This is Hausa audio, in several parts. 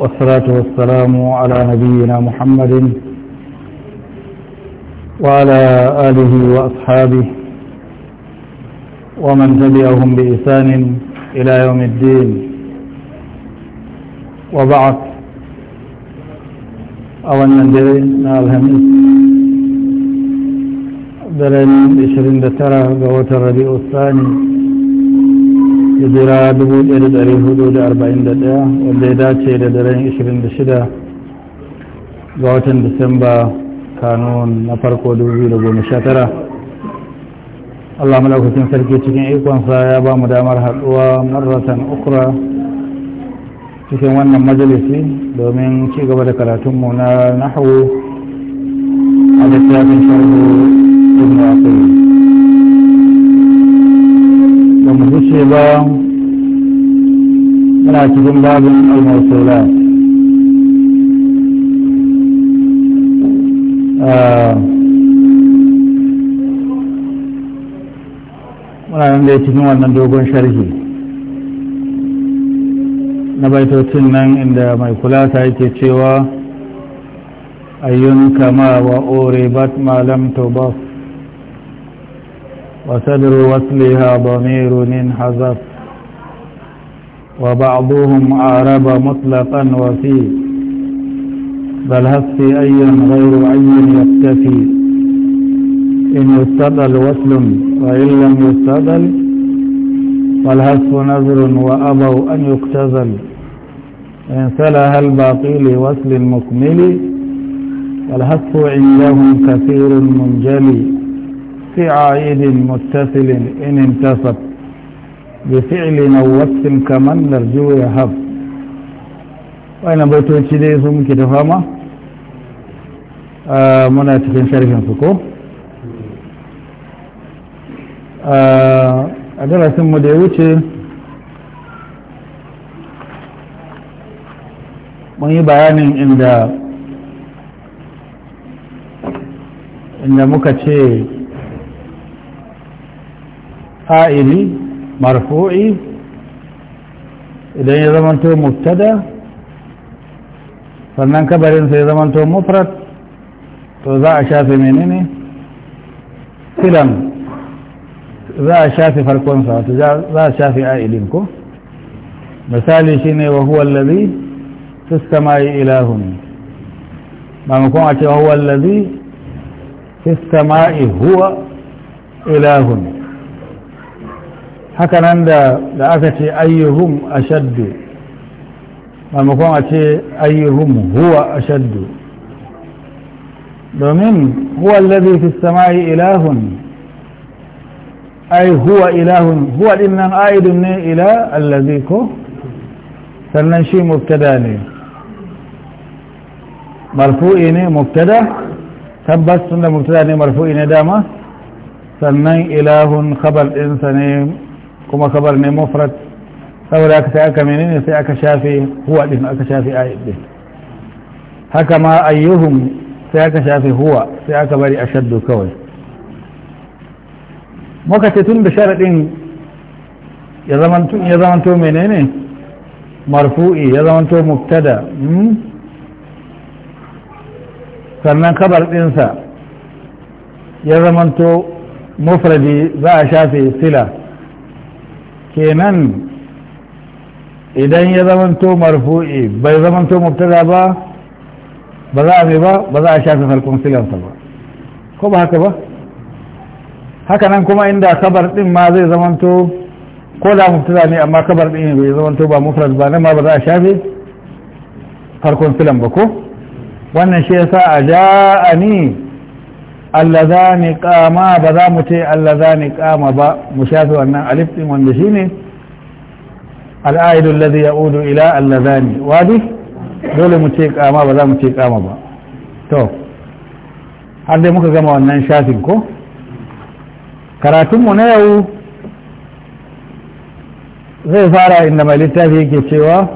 والصلاة والسلام على نبينا محمد وعلى آله وأصحابه ومن تبعهم بإسان إلى يوم الدين وبعث أولا درينا الهميس بشرين دترى بوتر الربيع الثاني hijira 1441 wanda ya dace da daren 26 ga watan disamba kanun na farko 2019 allah malaukakin sarki cikin ikonsa ya ba mu damar haɗuwa marratan ukura cikin wannan majalisi domin ci gaba da karatunmu na nahawu a littafin sharhu ibn aqil ba mu ba muna cikin babin al-mawsulat muna nan cikin wannan dogon sharhi na baitocin nan inda mai kula ta yake cewa ayyun kama wa uribat ma lam wasliha ba وصلها ضمير انحذف وبعضهم أعرب مطلقا وفي بل هفي أي غير أي يكتفي إن يستدل وصل وإن لم يستدل والهف نذر وأبوا أن يقتزل إن سلها الباطل وصل مكمل والهف عندهم كثير منجلي في عائد متصل إن انتصب بفعل نوسل كمن نرجو يهب بيتو بيتوشي دي سوم كتفاما آه منا تكين شركة سكو a darasinmu da ya wuce mun yi bayanin inda inda muka ce ha'iri مرفوعي إذا ضمنته مبتدا فمن كبر إذا ضمنته مفرد فذا شافي منيني فلم ذا أشاف فالكون صلى ذا شافي آئلينكم مثالي شيني وهو الذي في السماء إلهني ما مكون أتي وهو الذي في السماء هو إلهني haka nan da aka ce ayyuhum ashaddu maimakon a ce ayyuhum huwa ashaddu domin huwa alladhi fi samai ilahun ai huwa ilahun huwa din nan aidun ne ila alladhi ko sannan shi mubtada ne marfu'i ne mubtada tabbas tunda mubtada ne marfu'i ne dama sannan ilahun khabar ɗinsa ne كما خبر من مفرد أولا كتاك منين يصيعك شافي هو لهم أكشافي آي به هكما أيهم سيعك شافي هو سيعك بري أشد كوي مكتتون بشرط يضمنتو يضمنتو منين مرفوئي يضمنتو مبتدا فرنان خبر الإنسا يضمنتو مفردي ذا شافي سلاك kenan idan ya zamanto marfu'i bai zamanto mubtada ba ba za a mai ba ba za a shafi farkon silansa ba ko ba haka ba haka nan kuma inda kabar din ma zai zamanto ko da mubtada ne amma kabar din bai zamanto ba mufrad ba nan ma ba za a shafi farkon silan ba ko wannan shi yasa a ja'ani allazani kama ba za mu ce allazani kama ba mu shafi wannan alif din wanda shine al-aid alladhi ya'udu ila allazani wadi dole mu ce kama ba za mu ce kama ba to har dai muka gama wannan shafin ko karatunmu na yau zai fara inda mai littafi yake cewa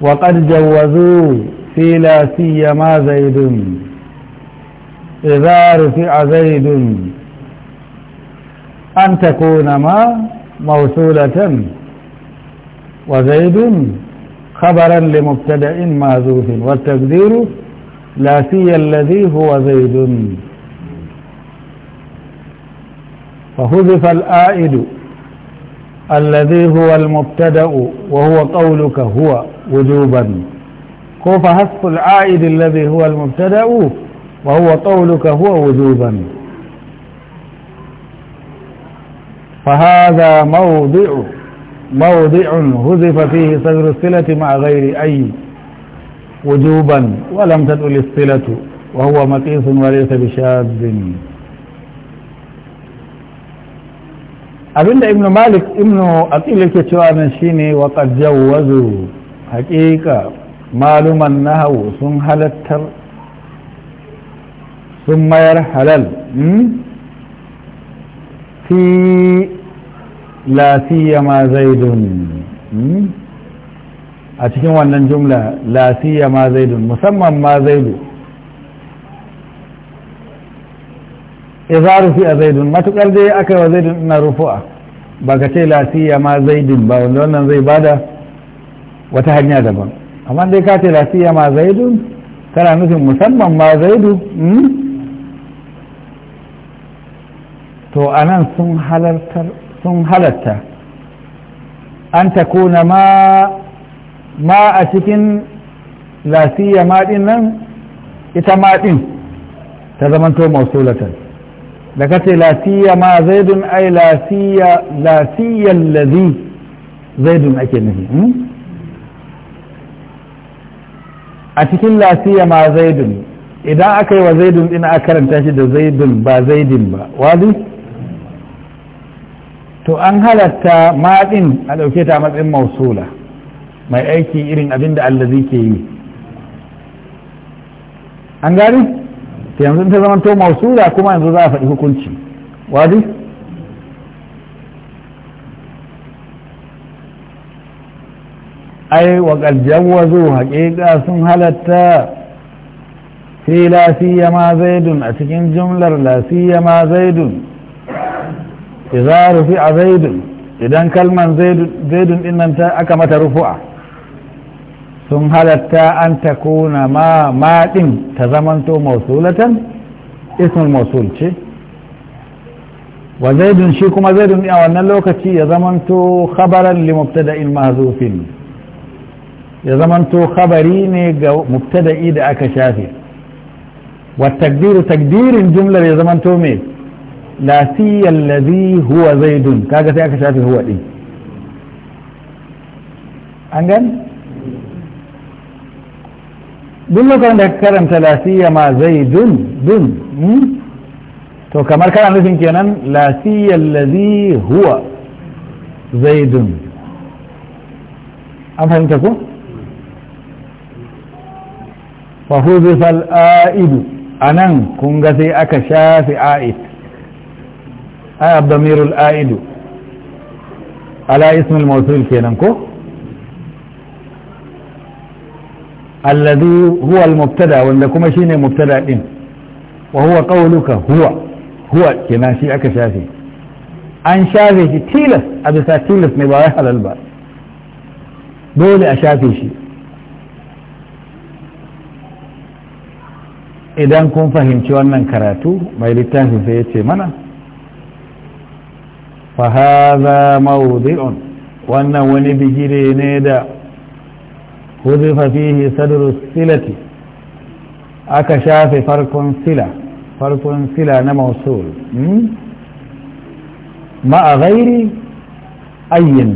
wa qad jawazu fi la siyama zaidun إذا رفع زيد أن تكون ما موصولة وزيد خبرا لمبتدا مازوف والتقدير لا سي الذي هو زيد فهذف الآئد الذي هو المبتدا وهو قولك هو وجوبا كوف حذف العائد الذي هو المبتدا وهو قولك هو وجوبا فهذا موضع موضع هزف فيه صدر الصلة مع غير أي وجوبا ولم تدل الصلة وهو مقيس وليس بشاذ أبن ابن مالك ابن أقيل كتوان الشيني وقد جوزوا حقيقة مالما نهو سنحلت sun mayar halal hmm? fi lafiya ma zaidun hmm? a cikin wannan jumla lafiya ma zaidun musamman ma zaidu izaru fi a zaidun matukar dai aka yi wa zaidun ina rufu'a ba ka ce lafiya ma zaidun ba wanda wannan zai bada wata hanya daban amma dai ka ce lafiya ma zaidun tana nufin musamman ma zaidu hmm? to a nan sun halatta an ta kuna ma a cikin lafiya maɗin nan ita maɗin ta zamanto mausulatan da kace lafiya ma zaidun ai lasiya lasiyan lazi zaidun ake nufi hmm? a cikin lafiya ma zaidun idan aka yi wa zaidun ina a karanta shi da zaidun ba zaidin ba wadi to an halatta matsin a ɗauke ta matsayin mausula mai aiki irin abin da allazi ke yi an gani ta yanzu ta zama to mausula kuma yanzu za a faɗi hukunci wadi ai wa ƙarjawazo haƙiƙa sun halatta fi lafiya ma zaidun a cikin jumlar lafiya ma zaidun rufi a zaidun idan kalman zaidun din nan aka mata rufu'a sun halatta an ta kuna ma maɗin ta zamanto mausulatan ismul mausul ce wa zaidun shi kuma zaidun a wannan lokaci ya zamanto khabaran li mubtada'in mahzufin ya zamanto khabari ne ga mubtada'i da aka shafe wa takdiru takdirin jumlar ya zamanto me لا سي الذي هو زيد كاجا سي اكا شافي هو دي انغان دلو كان ذكرن لا سي ما زيد دون تو كما كان نفين كينان لا سي الذي هو زيد افهمتكو فهو ذو الآئد أنا كنت أكشاف آئد a damirul a'idu ala ismul mausul kenan ko alladhi huwa al-mubtada wanda kuma shine mubtada din wa huwa qawluka huwa huwa kenan shi aka shafe an shafe shi tilas a bisa tilas ne ba wai halal ba dole a shafe shi idan kun fahimci wannan karatu mai littafin sai ya ce mana fa موضع mawdi'un wannan wani bigire ne da huzifa fihi sadru silati aka shafe farkon sila farkon sila na mausul ma'a ghairi ayyin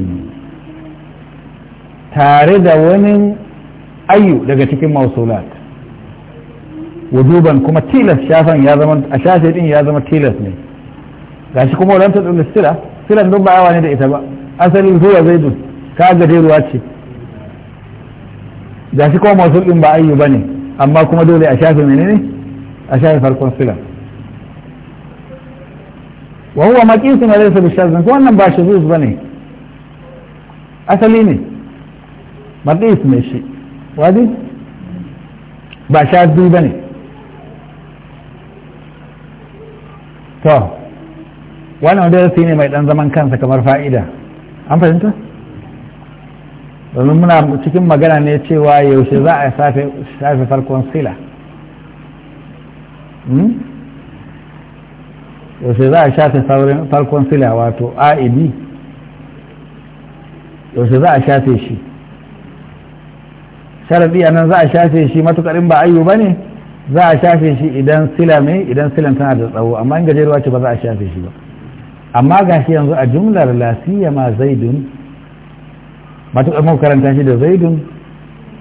tare da wani ayyu daga cikin mausulat يا kuma tilas ya zama a shafe ya zama tilas ne gashi kuma wadanta da filan duk ba yawa ne da ita ba asalin zuwa zaidu ka ruwa ce da shi kuma masu ɗin ba ayyu ba ne amma kuma dole a shafi menene a shafi farkon silan wa huwa maqisun wa laysa bishazan ko wannan ba ba bane asali ne maqis ne shi wadi ba shaddu bane to wannan darasi ne mai dan zaman kansa kamar fa'ida an fahimta domin muna cikin magana ne cewa yaushe za a safe farkon sila hmm? yaushe za a shafe farkon sila wato a'ibi e yaushe za a shafe shi sharadi a nan za a shafe shi matuƙar in ba ayyu ba ne za a shafe shi idan sila mai idan silan tana da tsawo amma in gajeruwa ce ba za a shafe shi ba amma gashi yanzu a jumlar lasiya ma zaidun matuƙar mu karanta shi da zaidun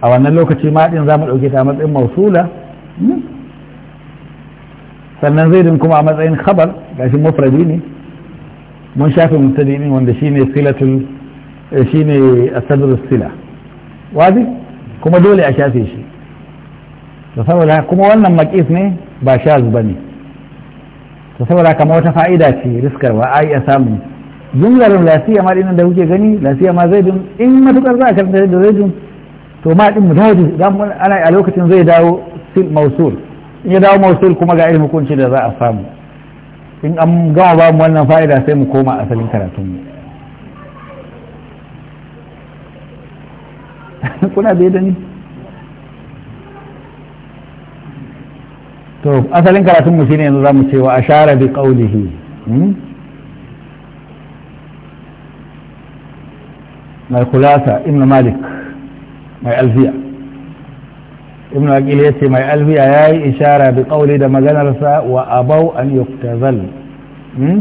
a wannan lokaci ma din za mu ɗauke ta matsayin mausula hmm. sannan zaidun kuma a matsayin khabar gashi mufradi ne mun shafe mutadi ne wanda shine silatul eh, shine asadrus sila wazi kuma dole a shafe shi da saboda kuma wannan maqis ne ba shaz bane to saboda kama wata fa'ida ce riskar riskarwa a iya samu jumlar lasiya ma dinan da kuke gani lasiya ma zai dun in matukar za a karanta da zaidun to ma din mu dawo ana a lokacin zai dawo sil mausul in ya dawo mausul kuma ga irin hukunci da za a samu in an gama ba mu wannan fa'ida sai mu koma asalin karatun mu kuna bai da ni to asalin karatun mu shine yanzu zamu cewa ashara bi qawlihi hmm? mai kulasa ibn malik mai alfiya ibn aqil yace mai alfiya yayi ishara bi qawli da maganarsa wa abau an yuktazal hmm?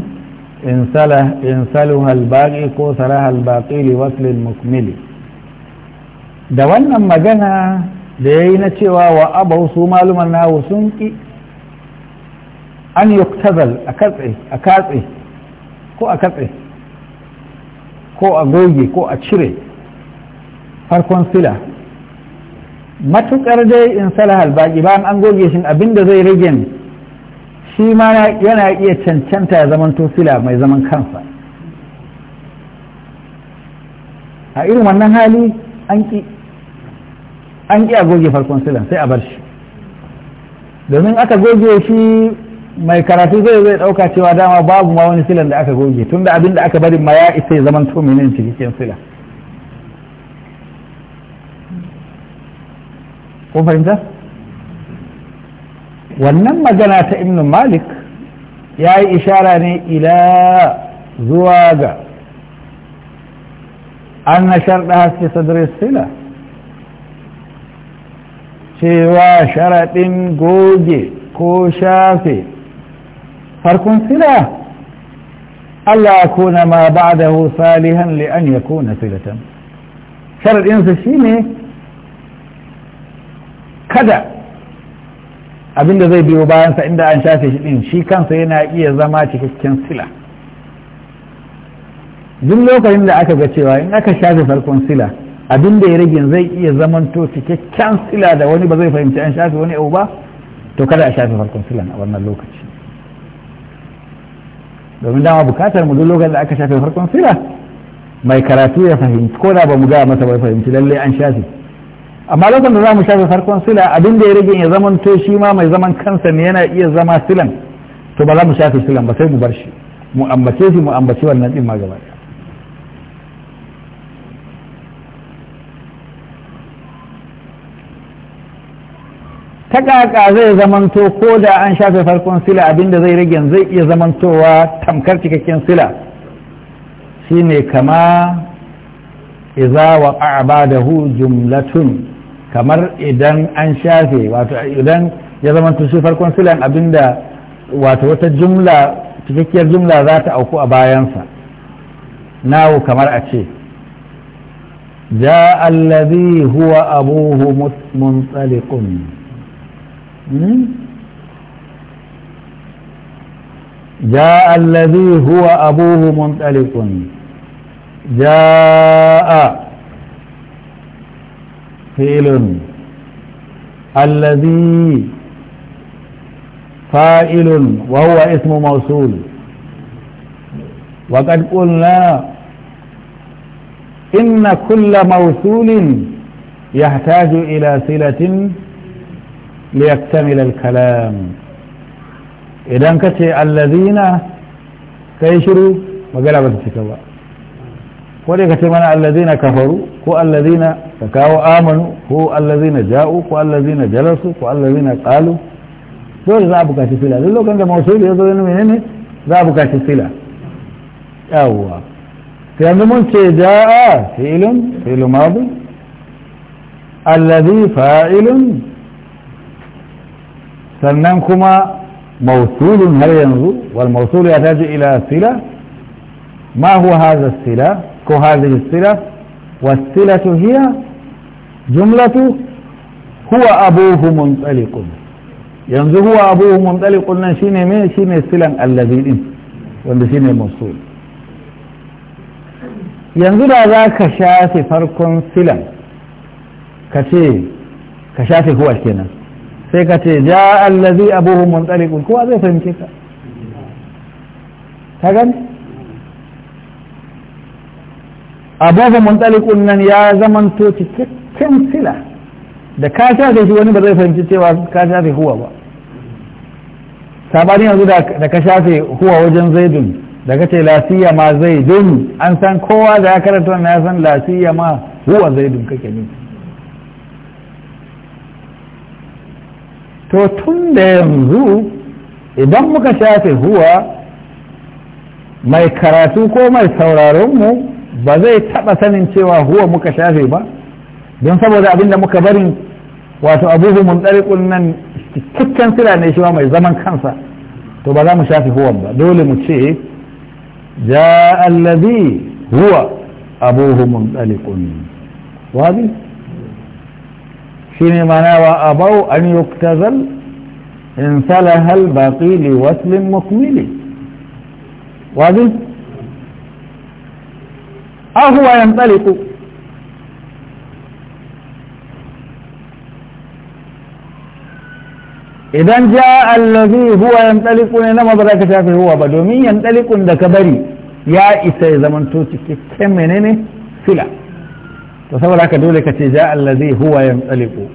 in sala in saluha al-baqi ko saraha al-baqi li wasl al da wannan magana da yayi na cewa wa abau su maluman nahu sun ki an yi a a katse ko a katse ko a goge ko a cire farkon sila matukar dai in salahal baki bayan an goge shi abinda zai rage shi ma yana iya cancanta ya zaman sila mai zaman kansa a irin wannan hali an ki an ki a goge farkon silan sai a bar shi domin aka goge shi mai karatu zai zai dauka cewa dama babu ma wani silan da aka goge tunda abin da aka bari ma ya isa ya zaman to cikin sila ko fahimta wannan magana ta ibn malik ya yi ishara ne ila zuwa ga an na sharɗa haske sadarar sila cewa sharaɗin goge ko shafe farkon sila Allah ya kuna ma ba'dahu salihan li an yakuna silatan sharadin shi shine kada abinda zai biyo bayansa inda an shafe shi din shi kansa yana iya zama cikakken sila duk lokacin da aka ga cewa in aka shafe farkon sila abin da ya rage zai iya zamanto cikakken sila da wani ba zai fahimci an shafe wani abu ba to kada a shafe farkon silan a wannan lokaci domin dama bukatar mu duk lokacin da aka shafe farkon sira mai karatu ya fahimci ko da ba mu gaya masa bai fahimci lallai an shafe amma lokacin da za mu shafe farkon sila abin da ya rage ya zaman to shi ma mai zaman kansa ne yana iya zama silan to ba za mu shafe silan ba sai mu bar shi mu ambace shi mu ambaci wannan din ma gaba ta ƙaƙa zai zamanto ko da an shafe farkon sila abinda zai rage zai iya zamantowa tamkar cikakken sila shine kama iza wa ƙa'abadahu jumlatun kamar idan an shafe wato idan ya zamanto shi farkon silan abinda wato wata jumla cikakkiyar jumla za ta auku a bayansa nawo kamar a ce ja allazi huwa abuhu muntsaliqun جاء الذي هو أبوه منطلق جاء فعل الذي فائل وهو اسم موصول وقد قلنا إن كل موصول يحتاج إلى صلة ليكتمل الكلام إذا كتي الذين كيشروا مقالة بتتكوى ولي كتي منا الذين كفروا هو الذين تكاوا آمنوا هو الذين جاءوا هو الذين جلسوا هو الذين قالوا دول ذا أبو كاتفلا لو كان موصول يضو إنه من ذا أبو كاتفلا أوه يعني من جاء فعل فعل ماضي الذي فاعل سنانكما موصول هل ينظر والموصول يحتاج إلى صلة ما هو هذا الصلة كو هذه الصلة والصلة هي جملة هو أبوه منطلق ينظر هو أبوه منطلق قلنا شين من شين السلة الذين والذين موصول ينظر هذا شاس فرق سلة كشي كشاس هو الكنس sai ka ce ja allazi abuhu muntsaliqun kowa zai fahimce ka ta gani abuhu muntsaliqun nan ya zamanto cikakken sila da ka shafe shi wani ba zai fahimci cewa ka shafe huwa ba sabani yanzu da ka shafe huwa wajen zaidun da ka ce lasiya ma zaidun an san kowa da ya karanta wannan ya san lasiya ma huwa zaidun kake nufi to tun da yanzu idan muka shafe huwa mai karatu ko mai sauraronmu ba zai taɓa sanin cewa huwa muka shafe ba don saboda abinda muka bari wato abubu mun ɗariƙun nan cikakken sira ne shi mai zaman kansa to ba za mu shafe huwan ba dole mu ce ja allazi huwa abubu mun ɗariƙun wazi شنو معنى وابوا ان يكتزل انسلها الباقي لوسل مكمل واضح اهو ينطلق اذا جاء الذي هو ينطلق لنا مدرك شافه هو بدومي ينطلق لك بري يا اسي زمن توتي كم منين فلا to saboda haka dole ka ce ja allazi huwa tsaliku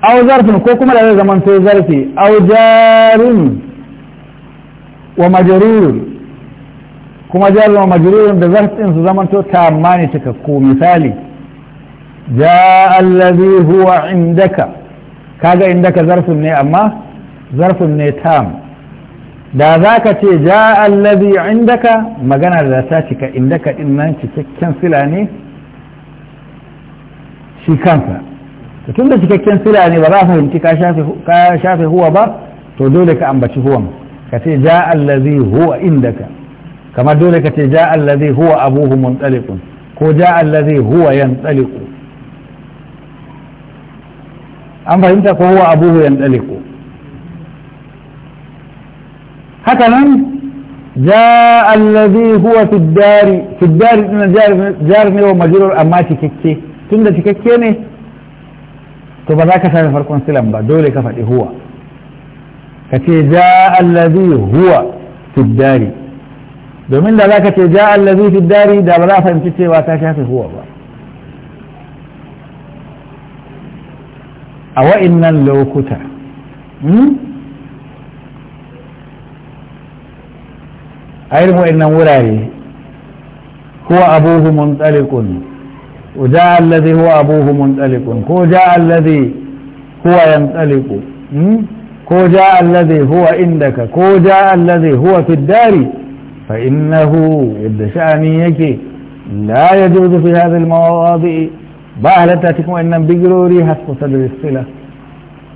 aw zarfin ko kuma da zai zaman to zarfi aw jarin wa majrurun kuma jarin wa majrurun da zarfin su zaman to tamani ko misali ja allazi huwa indaka kaga indaka zarfin ne amma zarfin ne tam da za ka ce ja allazi indaka magana da ta cika inda ka nan cikakken sila ne shi kansa tun da cikakken sila ne ba za a fahimci ka shafe huwa ba to dole ka ambaci huwan ka ce ja allazi huwa indaka kamar dole ka ce ja allazi huwa abuhu muntaliqun ko ja allazi huwa yantaliqu an fahimta ko huwa abuhu yantaliqu haka nan جاء الذي huwa في الدار في الدار ان جار ne wa majrur amma cikakke tunda cikakke ne to ba za ka sami farkon silam ba dole ka faɗi huwa ka ce jaa allazi huwa fi domin da za ka ce jaa allazi fi dari da ba za a fahimci cewa ta shafi huwa ba a wa'innan lokuta hmm? علموا ان مراري هو ابوه منطلق وجاء الذي هو ابوه منطلق كو جاء الذي هو ينطلق كو جاء الذي هو عندك كو جاء الذي هو في الدار فانه يد شانيك لا يجوز في هذا المواضع بعلتكم ان بجروري حسب صدر الصله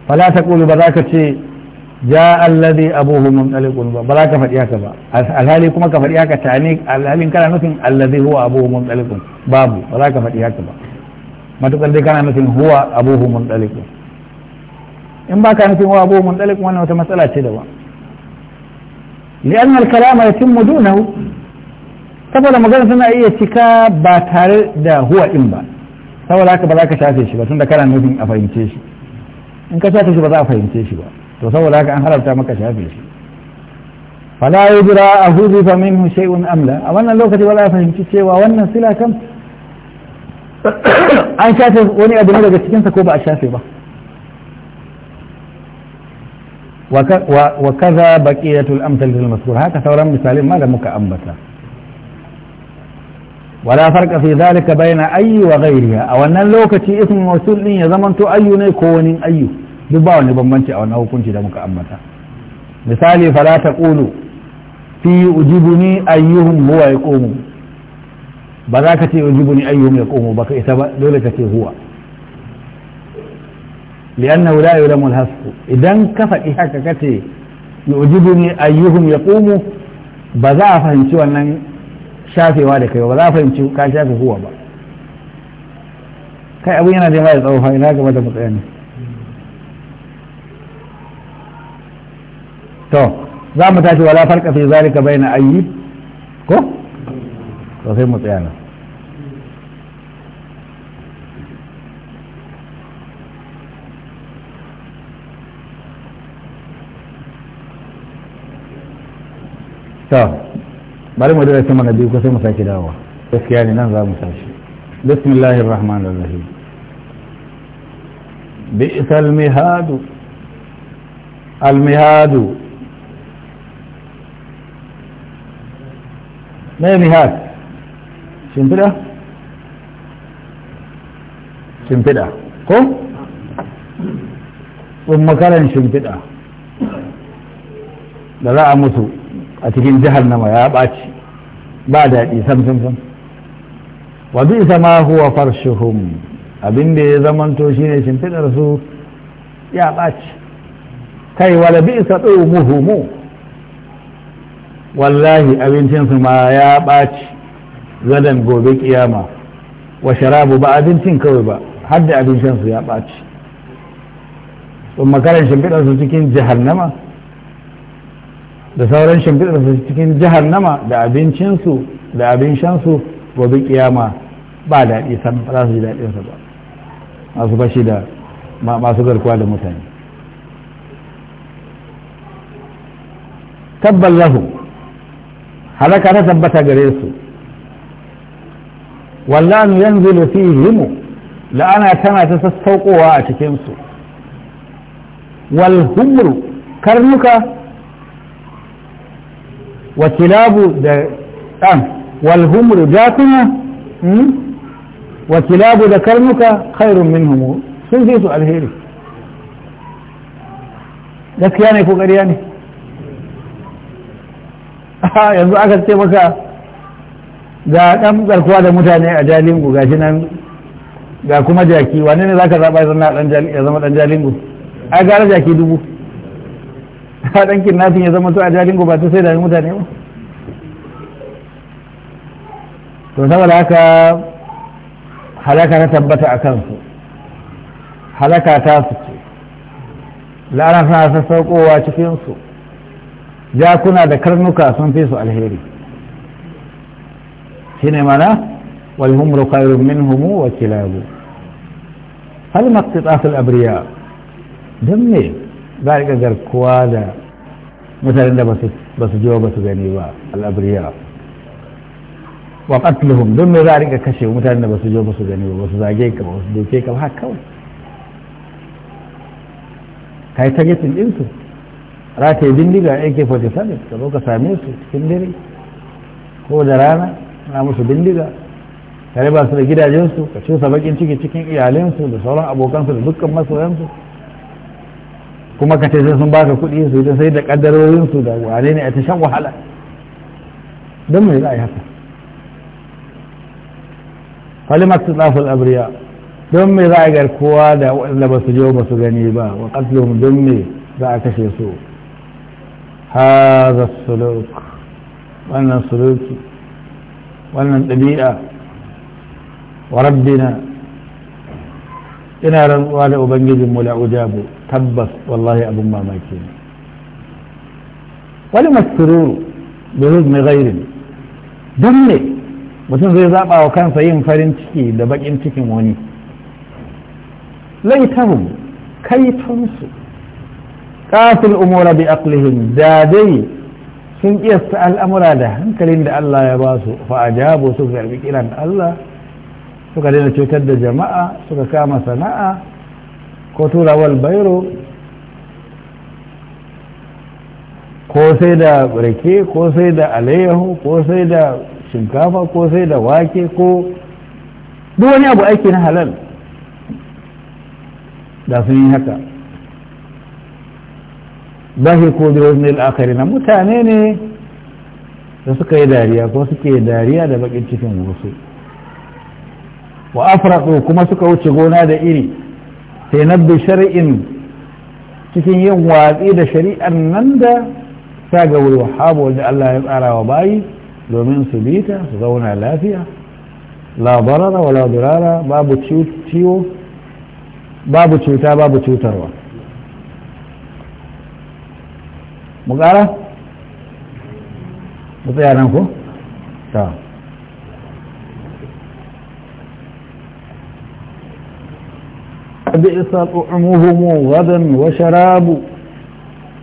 فلا تقولوا بذاك الشيء جاء الذي أبوه ممتلك بلا كفر ياك با الهالي كما كفر ياك تعنيك الهالي كان نسين الذي هو أبوه ممتلك باب بلا كفر ياك با ما تقول كان نسين هو أبوه ممتلك إن با كان نسين هو أبوه ممتلك وانا وتمثلا تدوى لأن الكلام يتم دونه كما لما قلنا سنة إيه سكا باتار دا هو إن با سوى لك بلا كشاتي شبا سنة كان نسين أفهمتيش إن كشاتي شبا أفهمتيش شبا to saboda haka an haramta maka shafe shi fala yudra a huzifa minhu shay'un amla a wannan lokaci wala fahimci cewa wannan sila kam an shafe wani abu ne daga cikinsa ko ba a shafe ba wa kaza baqiyatul amsal lil mazkur haka sauran misalin ma da muka ambata ولا فرق في ذلك بين أي وغيرها أو أن اللوكة اسم موصول لي يزمن أي نيكون أيه duk ba wani bambanci a wani hukunci da muka ambata misali fala ta ƙulu fi ujibuni ayyuhum huwa ya ƙomu ba za ka ce ujibuni ayyuhum ya ƙomu ba ka isa ba dole ka ce huwa lianna la yulamu al-hasbu idan ka faɗi haka kace ayyuhun ayyuhum yaqumu ba za a fahimci wannan shafewa da kai ba za a fahimci ka shafe huwa ba kai abin yana da mai tsawo fa ina gaba da mutsayani to za mu tashi wala farka fi zalika bayna ayyib ko to sai mu tsaya nan to bari mu da sama na biyu ko sai mu sake dawowa gaskiya ne nan za mu tashi bismillahir rahmanir rahim bi'sal mihadu al mihadu na mihas shimfiɗa shimfiɗa ko ummakaran shimfiɗa da za a mutu a cikin jihar nama ya ɓaci ba daɗi sam sam wa bi isa ma huwa farshuhum abin da ya zamanto shine shimfiɗar su ya ɓaci kai wala bi isa ɗau muhumu wallahi abincinsu ma ya ɓaci zadan gobe kiyama wa sharabu ba abincin kawai ba har da abincinsu ya ɓaci sun makaran shimfiɗarsu cikin jahannama da sauran shimfiɗarsu cikin jahannama da abincinsu da abin gobe kiyama ba daɗi san ba za su ji daɗinsa ba masu fashi da masu garkuwa da mutane tabballahu halaka ta tabbata gare su wallanu yanzilu fihim la'ana tana ta sassaukowa a cikin su wal humr karnuka wa kilabu da dan wal humr jatuna hmm? wa kilabu da karnuka khairun minhum sun fi su alheri gaskiya ne ko kariya ne yanzu aka ce maka ga ɗan garkuwa da mutane a jalingu ga shi nan ga kuma jaki wane ne za ka zaɓa ya zama ɗan jalingu a gara jaki dubu a ɗan kidnapping ya zama to a jalingu ba ta sai da mutane ba to saboda haka halaka ta tabbata a kansu halaka ta su ce la'ana suna sassauƙowa cikinsu jakuna da karnuka sun fi su alheri shi ne mana wal humru khairun minhum wa kilabu hal maqtitat al abriya dan ne za ka garkuwa da mutanen da ba su jiwa ba su gani ba al abriya wa qatluhum dan ne za ka kashe mutanen da ba su jiwa ba su gani ba ba su zage ka ba su doke ka ba haka kawai kai ta getin din su rataye bindiga ak-47 ka zo ka same su cikin dare ko da rana na musu bindiga ka riba su da gidajensu ka cusa bakin ciki cikin iyalinsu da sauran abokansu da dukkan masoyansu kuma ka sai sun baka kuɗi su yi sai da ƙaddarorinsu da wane ne a ta shan wahala don me za a yi haka su tsafin abriya don me za a garkuwa da waɗanda ba su je ba su gani ba wa ƙatlum don me za a kashe su haza suluk wannan suluki wannan ɗabi'a wa rabbina ina rantsuwa da ubangijinmu la ujabu tabbas wallahi abin mamaki ne wani mastururu bi huzmi ghairin don ne mutum zai zaɓa wa kansa yin farin ciki da baƙin cikin wani laitahum kaitonsu qatil umura bi aqlihim sun kiyasta al'amura da hankalin da Allah ya ba su fa ajabu su garbi kiran Allah suka daina cutar da jama'a suka kama sana'a ko turawar bairo ko sai da rake ko sai da alayyahu ko sai da shinkafa ko sai da wake ko duk wani abu aiki na halal da sun yi haka bahi ko wazni al na mutane ne da suka yi dariya ko suke dariya da bakin cikin wasu wa afraqu kuma suka wuce gona da iri sai bi shar'in cikin yin watsi da shari'ar nan da ta ga wahabu wanda Allah ya tsara wa bayi domin su bita su zauna lafiya la barara wala babu ciwo babu cuta babu cutarwa mu ƙara? mu tsaya بئس طعمهم غدا وشراب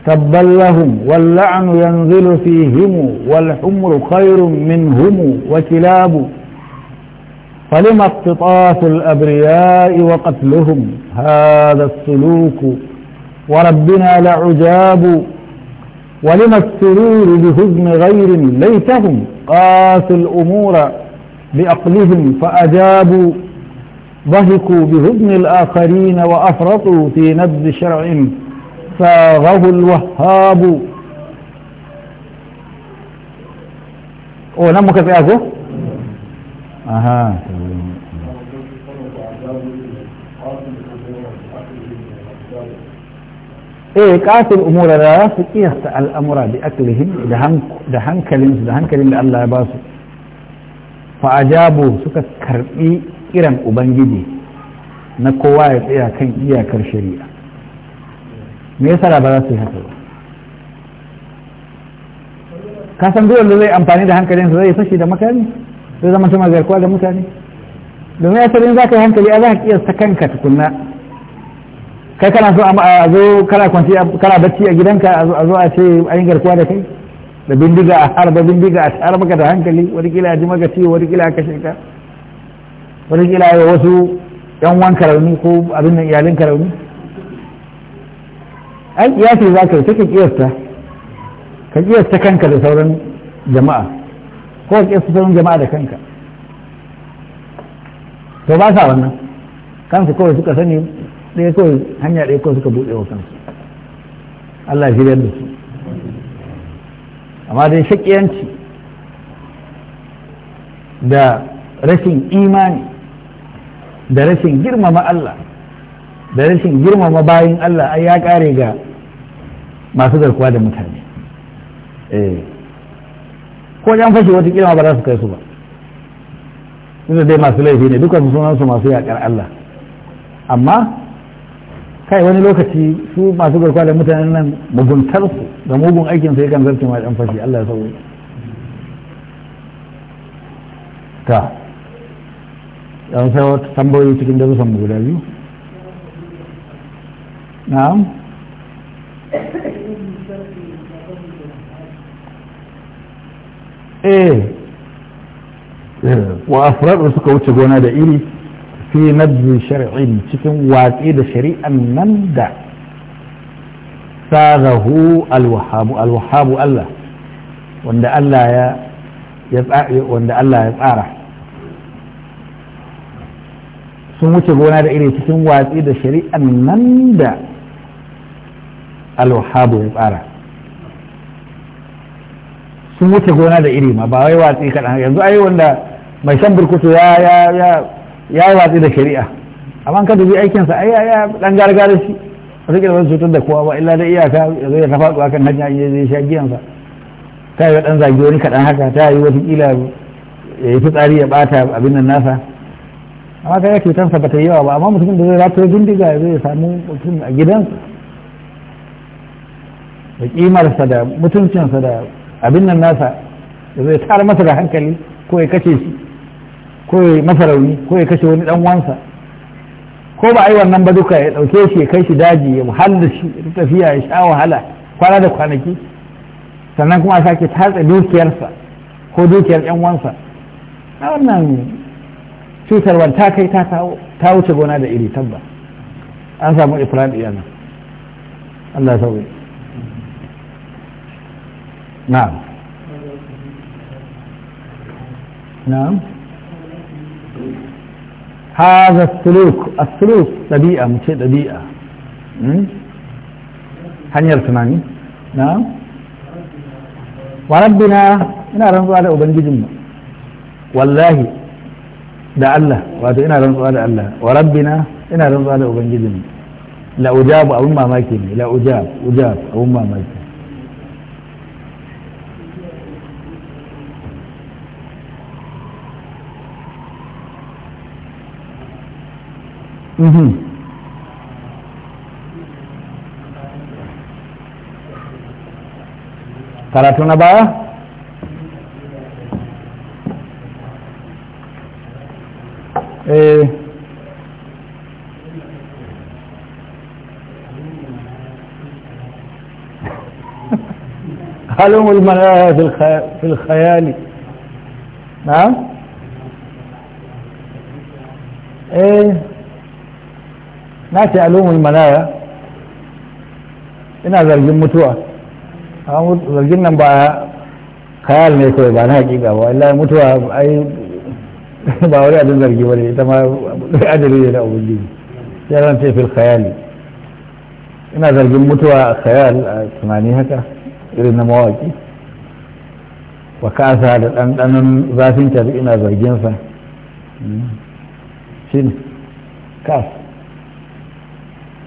تبا لهم واللعن ينزل فيهم والحمر خير منهم وكلاب فلما اقتطاف الأبرياء وقتلهم هذا السلوك وربنا لعجاب ولما السرور بهزم غير ليتهم قاسوا الأمور بأقلهم فأجابوا ضحكوا بهزم الآخرين وأفرطوا في نبذ شرع ساغه الوهاب ونمك في أهو أها e qatil umura da za su kiyasta al'amura bi aklihim da hankalin da hankalin da Allah ya ba su suka karbi kiran ubangiji na kowa ya tsaya kan iyakar shari'a me ba za su yi haka ba ka san zai amfani da hankalin sa zai fashi da makami zai zama tuma garkuwa da mutane domin asalin za ka yi hankali a za ka kiyasta kanka tukunna kai kana so a zo kana kwanci kana bacci a gidanka a zo a ce an garkuwa da kai da bindiga a harba bindiga a tsara maka da hankali wani kila ji maka ciwo wani kila kashe ka wani kila ya wasu yan wanka rauni ko abin nan iyalin ka rauni ai kiyasi za ka yi take kiyasta ka kiyasta kanka da sauran jama'a ko ka kiyasta sauran jama'a da kanka to ba sa wannan kansu kawai suka sani ɗaya kawai hanya ɗaya kawai suka buɗe wa kansu Allah shi da su amma dai shakiyanci da rashin imani da rashin girmama Allah da rashin girmama bayin Allah ai ya ƙare ga masu garkuwa da mutane eh. ko yan fashe wata kirma ba za su kai su ba inda dai masu laifi ne dukkan su masu yaƙar Allah amma kai wani lokaci su masu garkuwa da mutanen nan muguntarsu da mugun aikin sai kan zarce ma fashi Allah ya sauwa ta yan sai wata tambayoyi cikin da mu guda biyu na'am eh, eh wa afrar suka wuce gona da iri fi nabzi shari'in cikin watsi da shari'an nan da sarahu alwahabu alwahabu Allah wanda Allah ya wanda Allah ya tsara sun wuce gona da iri cikin watsi da shari'an nan da alwahabu ya tsara sun wuce gona da iri ma ba wai watsi kaɗan yanzu ai wanda mai shan burkutu ya ya ya ya yi watsi da shari'a amma ka dubi aikinsa ai ya dan gargara shi ba su kirkar cutar da kowa ba illa da iyaka zai ta faɗuwa kan hanya in zai sha giyansa ta yi dan zagi wani kaɗan haka ta yi wata kila ya yi fitsari ya ɓata abin nan nasa amma kaga cutansa ba ta yi yawa ba amma mutumin da zai rataye bindiga zai samu mutum a gidansa da kimarsa da mutuncinsa da abin nan nasa da zai tara masa da hankali ko ya kace shi ko ya masa rauni ko ya kashe wani dan wansa ko ba a yi wannan ba duka ya dauke shi ya kai shi daji ya wahala shi ta tafiya ya sha wahala kwana da kwanaki sannan kuma a sake tatsa dukiyarsa ko dukiyar yan wansa a wannan cutarwar ta kai ta ta wuce gona da iri tabba an samu ifrad nan Allah sauye na'am na'am هذا السلوك السلوك لبيئة مشيء لبيئة هل يرسماني نعم وربنا إنا رنقوا على أبنج جمع والله دع الله وإنا رنقوا على الله وربنا إنا رنقوا على أبنج جمع لا أجاب أو ما ماكيني لا أجاب أجاب ما ماكيني karatu na baya eh حلم المنايا في, الخ... في الخيال نعم ايه na ce alumul manaya ina zargin mutuwa zargin nan ba kayal ne kawai ba na hakika ba wallahi mutuwa ai ba wani abin zargi ba ne ita ma adali ne na ubangiji ya ran ce fil kayali ina zargin mutuwa a kayal a tunani haka irin na mawaki wa kasa da ɗanɗanon zafin ta ina zargin sa hmm. shi ne kasa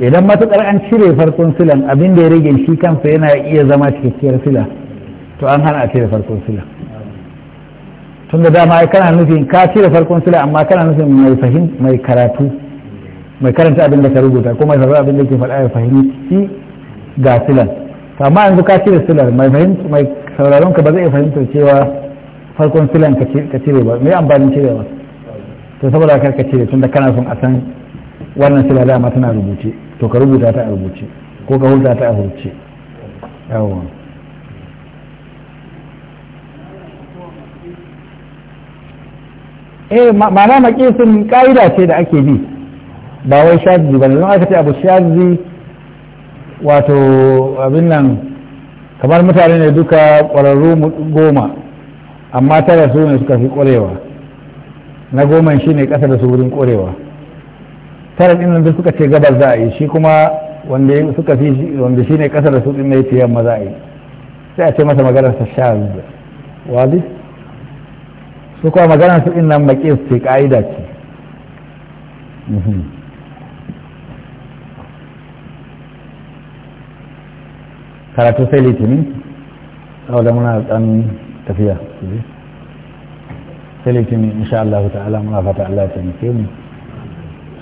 idan matuƙar an cire farkon silan abin da ya rage shi kansa yana iya zama cikakkiyar sila to an hana a cire farkon sila tun da dama ai kana nufin ka cire farkon sila amma kana nufin mai fahim mai karatu mai karanta abin da ka rubuta ko mai sarrafa abin da ke faɗa ya fahimci ga silan To amma yanzu ka cire silar mai fahimci mai sauraron ka ba zai fahimta cewa farkon silan ka cire ba me amfanin cirewa to saboda kar ka cire tun da kana son a san wannan sila dama tana rubuce to ka rubuta ta a rubuce ko ka hulta ta a hulce. yawon eh ma'ana makisin ka'ida ce da ake bi ba wai shazi ba don aka ce abu shazi wato abin nan kamar mutane ne duka ƙwararru goma amma tara su ne suka fi ƙwarewa na goman shi ne ƙasa da su wurin ƙwarewa tara din da suka ce gabas za a yi shi kuma wanda suka fi wanda kasar da su din ne ce yamma za a yi sai a ce masa maganar sa shaz wadi su kuma maganar su din nan maqis ce kaida ce mhm. karatu sai litinin saboda muna dan tafiya sai litinin insha Allah ta'ala muna fata Allah ya mu